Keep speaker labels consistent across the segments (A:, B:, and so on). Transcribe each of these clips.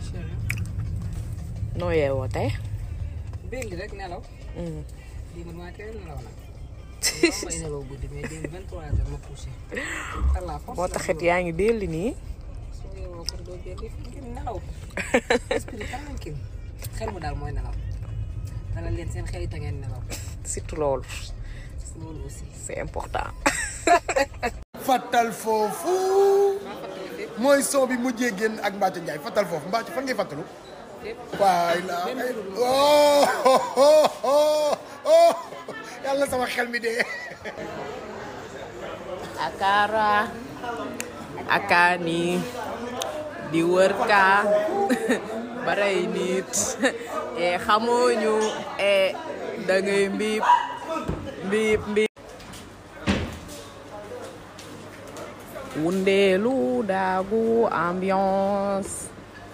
A: bi chéri. noo rek nelaw. démb mm. maa teel yaa ngi delli nii. su yeewoo daal mooy nelaw. dalal leen seen xel yi ngeen nelaw. surtout loolu. loolu c'est important. fàttal foofu. moy son bi mujjé génn ak Mbathio ndjay fatal fofu Mbathio fa ngay fatalu waay la yalla oh, oh, oh, sama xel mi dé Akara Akani di wërka baray nit nit eh, xamoo ñu eh, da ngay mbiib mbiib mbiib. wunde dagu ambiance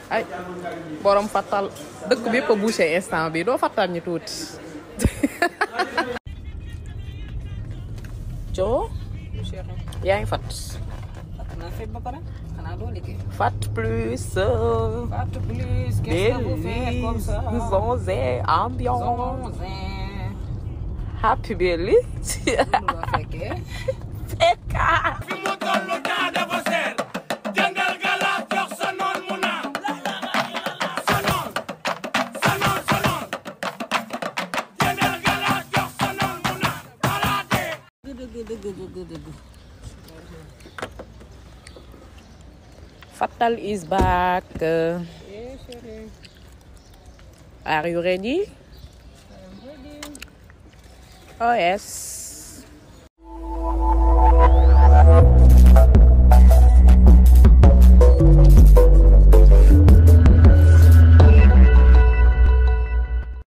A: ay borom fatal deuk bi yëpp a bouché instant bi do fatal ñu tout jo Ya ngi fat fat plus fat plus zonze ambiance happy belly Fatal is back. Yes, Are you ready? I'm ready. Oh, yes.